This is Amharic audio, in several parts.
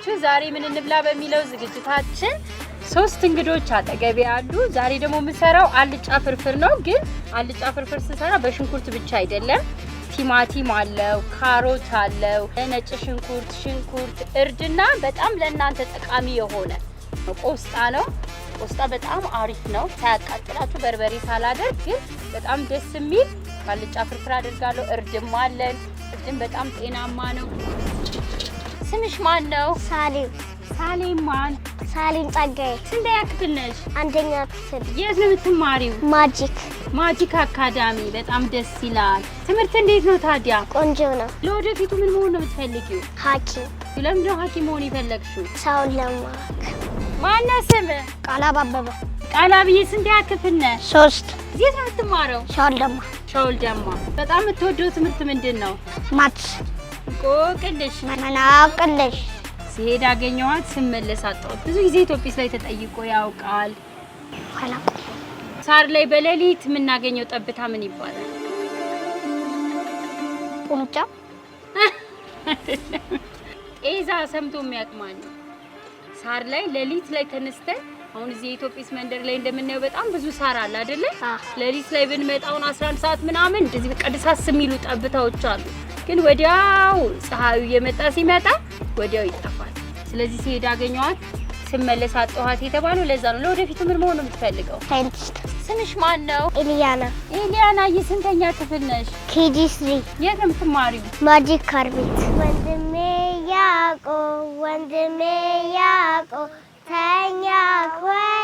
ያላችሁ ዛሬ ምን እንብላ በሚለው ዝግጅታችን ሶስት እንግዶች አጠገቤ አሉ። ዛሬ ደግሞ የምሰራው አልጫ ፍርፍር ነው። ግን አልጫ ፍርፍር ስሰራ በሽንኩርት ብቻ አይደለም። ቲማቲም አለው፣ ካሮት አለው፣ ነጭ ሽንኩርት፣ ሽንኩርት እርድና በጣም ለእናንተ ጠቃሚ የሆነ ቆስጣ ነው። ቆስጣ በጣም አሪፍ ነው። ሳያቃጥላችሁ በርበሬ ሳላደርግ ግን በጣም ደስ የሚል አልጫ ፍርፍር አድርጋለሁ። እርድም አለን። እርድም በጣም ጤናማ ነው። ስምሽ ማን ነው? ሳሌም። ሳሌም ማን? ሳሌም ጸጋዬ። ስንተኛ ክፍል ነሽ? አንደኛ ክፍል። የት ነው የምትማሪው? ማጂክ ማጂክ አካዳሚ። በጣም ደስ ይላል። ትምህርት እንዴት ነው ታዲያ? ቆንጆ ነው። ለወደፊቱ ምን መሆን ነው የምትፈልጊው? ሐኪም። ነው ሐኪም መሆን የፈለግሽው? ሰውን ለማክ። ማነው ስምህ? ቃላብ አበበ። ቃላብዬ፣ ስንተኛ ክፍል ነሽ? ሶስት። የት ነው የምትማረው? ሻውል ደማ። ሻውል ደማ። በጣም የምትወደው ትምህርት ምንድን ነው? ማትስ እንቆቅልሽ መናቅልሽ ሲሄድ አገኘኋት ስመለስ አጣሁት። ብዙ ጊዜ ኢትዮጲስ ላይ ተጠይቆ ያውቃል። ሳር ላይ በሌሊት የምናገኘው ጠብታ ምን ይባላል? ቁንጫ። ጤዛ ሰምቶ የሚያቅማል። ሳር ላይ ሌሊት ላይ ተነስተን አሁን እዚህ የኢትዮጲስ መንደር ላይ እንደምናየው በጣም ብዙ ሳር አለ አይደለ? ሌሊት ላይ ብንመጣውን 11 ሰዓት ምናምን እንደዚህ በቃ የሚሉ ጠብታዎች አሉ። ግን ወዲያው ፀሐዩ እየመጣ ሲመጣ ወዲያው ይጠፋል። ስለዚህ ሲሄድ አገኘዋት ስመለስ አጣኋት የተባለው ለዛ ነው። ለወደፊቱ ምን መሆን ነው የምትፈልገው? ሳይንቲስት። ስምሽ ማን ነው? ኤሊያና። ኤሊያና፣ የስንተኛ ክፍል ነሽ? ኬጂ ስሪ። የት የምትማሪው? ማጂክ ካርቤት። ወንድሜ ያቆ ወንድሜ ያቆ ተኛ ኮይ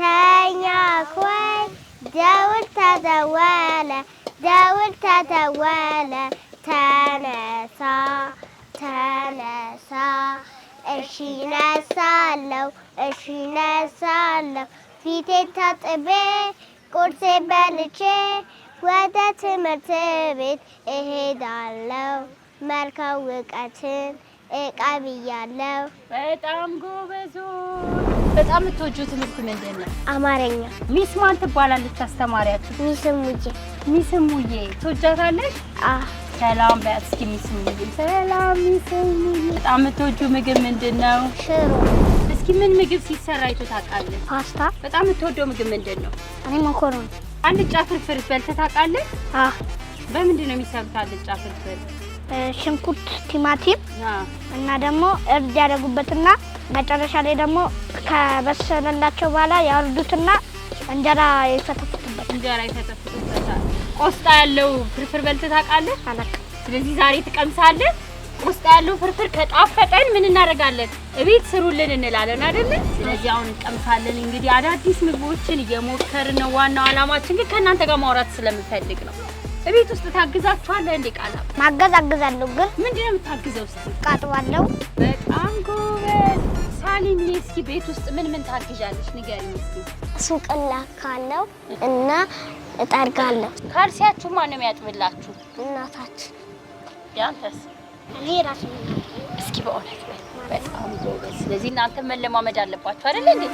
ተኛ ኮይ ዳውድ ተደወለ ዳውድ ተደወለ ተነሳ ተነሳ እሺ ነሳለሁ እሺ ነሳለሁ ፊቴን ታጥቤ ቁርሴን በልቼ ወደ ትምህርት ቤት እሄዳለሁ። መልካም እውቀትን እቀብያለሁ። በጣም ጎበዞ። በጣም የምትወጂው ትምህርት ምንድን ነው? አማርኛ። ሚስ ማን ትባላለች አስተማሪያችሁ? ሚስሙዬ። ሚስሙዬ ትወጃታለሽ? ሰላም በያት እስኪ የሚስሙ ምግብ ሰላም የሚስሙ በጣም የምትወጂው ምግብ ምንድን ነው? ሽሮ። እስኪ ምን ምግብ ሲሰራ አይቶ ታውቃለህ? ፓስታ። በጣም የምትወደው ምግብ ምንድን ነው? እኔ መኮረኒ። አልጫ ፍርፍር በልተህ ታውቃለህ? አዎ። በምንድን ነው የሚሰሩት አልጫ ፍርፍር? ሽንኩርት፣ ቲማቲም እና ደግሞ እርድ ያደረጉበትና መጨረሻ ላይ ደግሞ ከበሰለላቸው በኋላ ያወርዱትና እንጀራ ይፈተፍቱበት እንጀራ ይፈተፍቱበት ቆስጣ ያለው ፍርፍር በልተህ ታውቃለህ? አላውቅም። ስለዚህ ዛሬ ትቀምሳለህ። ቆስጣ ያለው ፍርፍር ከጣፈጠን ምን እናደርጋለን? እቤት ስሩልን እንላለን አይደለ? ስለዚህ አሁን እንቀምሳለን። እንግዲህ አዳዲስ ምግቦችን እየሞከርን ነው። ዋናው አላማችን ግን ከእናንተ ጋር ማውራት ስለምፈልግ ነው። እቤት ውስጥ ታግዛችኋለህ እንዴ? ቃላ ማገዝ አግዛለሁ። ግን ምንድን የምታግዘው? ውስጥ ቃጥባለሁ። በጣም ጎበዝ ሳሊም። እስኪ ቤት ውስጥ ምን ምን ታግዣለች ንገሪኝ እስኪ። ሱቅና ካለው እና እጠርጋለሁ። ካልሲያችሁ ማንም ያጥብላችሁ? እናታችን። ያንተስ? እኔ ራሴ። እስኪ በእውነት በጣም ጎበዝ። ስለዚህ እናንተ መለማመድ አለባችሁ አይደል እንዴ?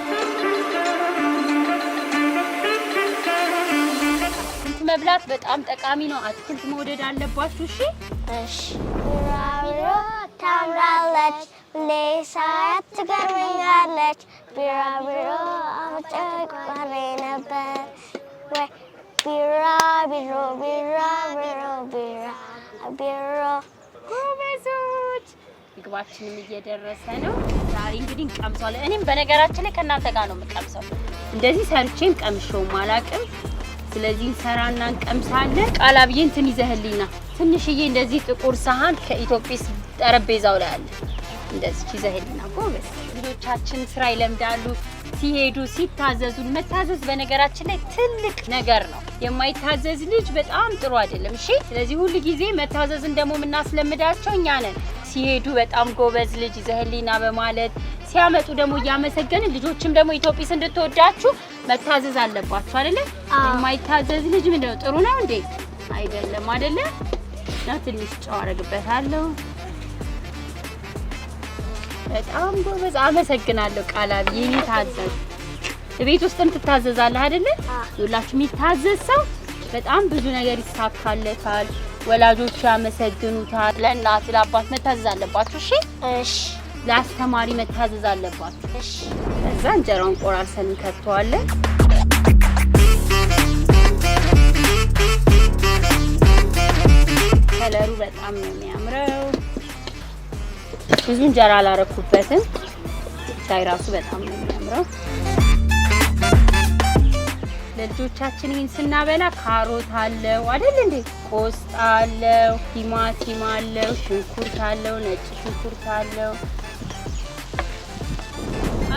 መብላት በጣም ጠቃሚ ነው። አትክልት መውደድ አለባችሁ። እሺ እሺ። ቢራቢሮ ታምራለች፣ ሁሌ ትገርመኛለች። ቢራቢሮ አጨቋሬ ነበር ወይ Bira, biro, bira, biro፣ bira፣ biro ጎበዞች። ምግባችንም እየደረሰ ነው። ዛሬ እንግዲህ እንቀምሰዋለን። እኔም በነገራችን ላይ ከእናንተ ጋር ነው የምቀምሰው። እንደዚህ ሰርቼም ቀምሼውም አላውቅም። ስለዚህ እንሰራና እንቀምሳለን። ቃላብዬ እንትን ይዘህልኝና ትንሽዬ እንደዚህ ጥቁር ሰሃን ከኢትዮጲስ ጠረጴዛው ላይ አለ። እንደዚህ ይዘህልኝና ጎበዝ። ልጆቻችን ስራ ይለምዳሉ ሲሄዱ ሲታዘዙን። መታዘዝ በነገራችን ላይ ትልቅ ነገር ነው። የማይታዘዝ ልጅ በጣም ጥሩ አይደለም። እሺ። ስለዚህ ሁሉ ጊዜ መታዘዝን ደግሞ የምናስለምዳቸው እኛ ነን። ሲሄዱ በጣም ጎበዝ ልጅ ዘህሊና በማለት ሲያመጡ ደግሞ እያመሰገንን ልጆችም ደግሞ ኢትዮጵስ እንድትወዳችሁ መታዘዝ አለባችሁ አይደለ? የማይታዘዝ ልጅ ምንድን ነው? ጥሩ ነው እንዴ? አይደለም አይደለ? ና ትንሽ ጨው አደርግበታለሁ። በጣም ጎበዝ። አመሰግናለሁ ቃላብ ይህን ታዘዝ ቤት ውስጥም ትታዘዛለህ አይደለ? ሁላችሁ የሚታዘዝ ሰው በጣም ብዙ ነገር ይሳካለታል። ወላጆች ያመሰግኑታል። ለእናት ለአባት መታዘዝ አለባችሁ። እሺ እሺ። ለአስተማሪ መታዘዝ አለባችሁ። እሺ። እዛ እንጀራውን ቆራርሰን እንከተዋለን። ከለሩ በጣም ነው የሚያምረው። ብዙ እንጀራ አላረኩበትም። ሻይ ራሱ በጣም ነው የሚያምረው። ለልጆቻችን ይህን ስናበላ ካሮት አለው አይደል እንዴ? ቆስጣ አለው፣ ቲማቲም አለው፣ ሽንኩርት አለው፣ ነጭ ሽንኩርት አለው።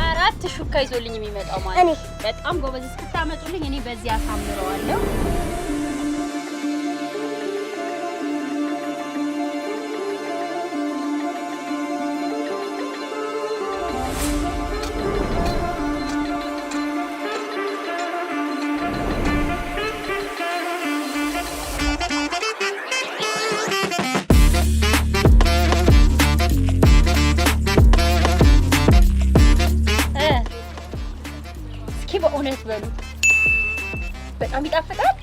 አራት ሹካ ይዞልኝ የሚመጣው ማለት በጣም ጎበዝ። እስክታመጡልኝ እኔ በዚህ አሳምረዋለሁ። እስኪ በእውነት በሉ በጣም ይጣፍጣል።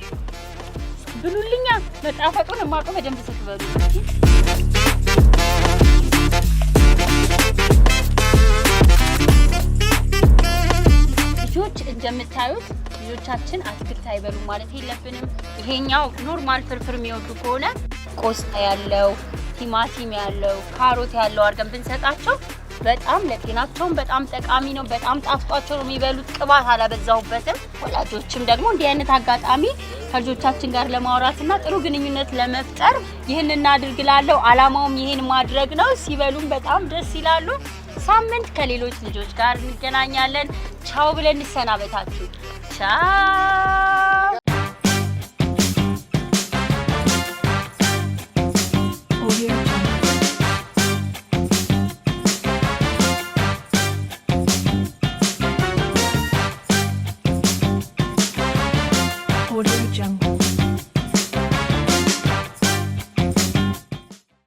ብሉልኛ መጣፈጡን እማውቅ በደንብ ስትበሉ ልጆች እንደምታዩት ልጆቻችን አትክልት አይበሉ ማለት የለብንም። ይሄኛው ኖርማል ፍርፍር የሚወዱ ከሆነ ቆስጣ ያለው ቲማቲም ያለው ካሮት ያለው አድርገን ብንሰጣቸው በጣም ለጤናቸውም በጣም ጠቃሚ ነው። በጣም ጣፍጧቸው ነው የሚበሉት፣ ቅባት አላበዛሁበትም። ወላጆችም ደግሞ እንዲህ አይነት አጋጣሚ ከልጆቻችን ጋር ለማውራትና ጥሩ ግንኙነት ለመፍጠር ይህን እናድርግ ላለው አላማውም ይህን ማድረግ ነው። ሲበሉም በጣም ደስ ይላሉ። ሳምንት ከሌሎች ልጆች ጋር እንገናኛለን። ቻው ብለን እንሰናበታችሁ። ቻው